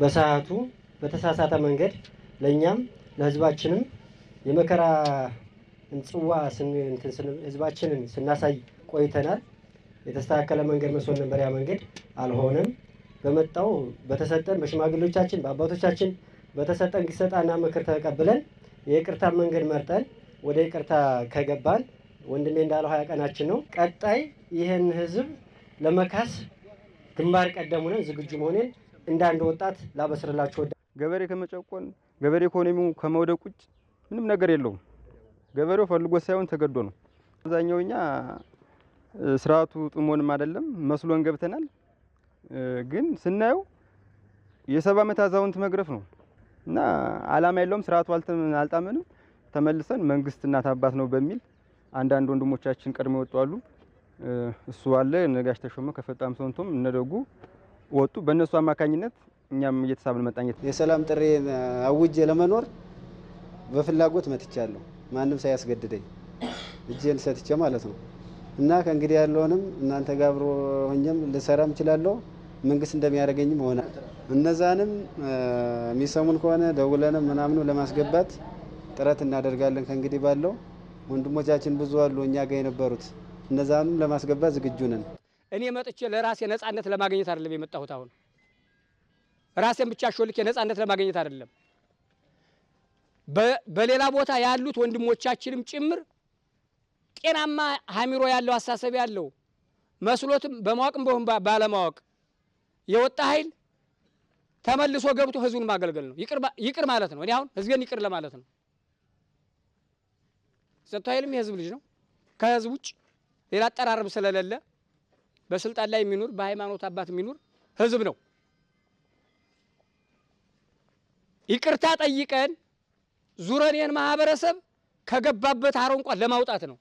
በሰዓቱ በተሳሳተ መንገድ ለእኛም ለህዝባችንም የመከራ ጽዋ ህዝባችንን ስናሳይ ቆይተናል። የተስተካከለ መንገድ መስሎን ነበር። ያ መንገድ አልሆነም። በመጣው በተሰጠን በሽማግሌዎቻችን በአባቶቻችን በተሰጠን ግሰጣና ምክር ተቀብለን የይቅርታ መንገድ መርጠን ወደ ይቅርታ ከገባን ወንድሜ እንዳለው ሀያ ቀናችን ነው። ቀጣይ ይህን ህዝብ ለመካስ ግንባር ቀደም ሆነን ዝግጁ መሆኔን እንደ አንድ ወጣት ላበስርላችሁ ወደ ገበሬ ከመጨቆን ገበሬ ኢኮኖሚው ከመውደቅ ውጭ ምንም ነገር የለውም። ገበሬው ፈልጎ ሳይሆን ተገዶ ነው። አብዛኛው እኛ ስርዓቱ ጥሞንም አይደለም መስሎን ገብተናል። ግን ስናየው የሰባ ዓመት አዛውንት መግረፍ ነው እና አላማ የለውም። ስርዓቱ አልጣመንም። ተመልሰን መንግስት እናት አባት ነው በሚል አንዳንድ ወንድሞቻችን ቀድሞ ይወጡ አሉ። እሱ አለ ነጋሽ ተሾመ ከፈጣም ሰንቶም እነደጉ ወጡ። በእነሱ አማካኝነት እኛም እየተሳብን መጣኘት የሰላም ጥሪን አውጄ ለመኖር በፍላጎት መጥቻለሁ። ማንም ሳያስገድደኝ እጄን ሰጥቼ ማለት ነው እና ከእንግዲህ ያለውንም እናንተ ጋር አብሮ ሆኜም ልሰራም እችላለሁ። መንግስት እንደሚያደርገኝም ሆነ እነዛንም የሚሰሙን ከሆነ ደውለንም ምናምኑ ለማስገባት ጥረት እናደርጋለን። ከእንግዲህ ባለው ወንድሞቻችን ብዙ አሉ እኛ ጋር የነበሩት እነዛንም ለማስገባት ዝግጁ ነን። እኔ መጥቼ ለራሴ ነጻነት ለማግኘት አይደለም የመጣሁት። አሁን ራሴን ብቻ ሾልኬ ነጻነት ለማግኘት አይደለም። በሌላ ቦታ ያሉት ወንድሞቻችንም ጭምር ጤናማ ሀሚሮ ያለው አሳሰብ ያለው መስሎትም በማወቅም በሁን ባለማወቅ የወጣ ኃይል ተመልሶ ገብቶ ህዝቡን ማገልገል ነው። ይቅር ማለት ነው። እኔ አሁን ህዝቤን ይቅር ለማለት ነው። ጸጥታ ኃይልም የህዝብ ልጅ ነው። ከህዝብ ውጭ ሌላ አጠራርም ስለሌለ በስልጣን ላይ የሚኖር በሃይማኖት አባት የሚኖር ህዝብ ነው። ይቅርታ ጠይቀን ዙረን ይህን ማህበረሰብ ከገባበት አረንቋ ለማውጣት ነው።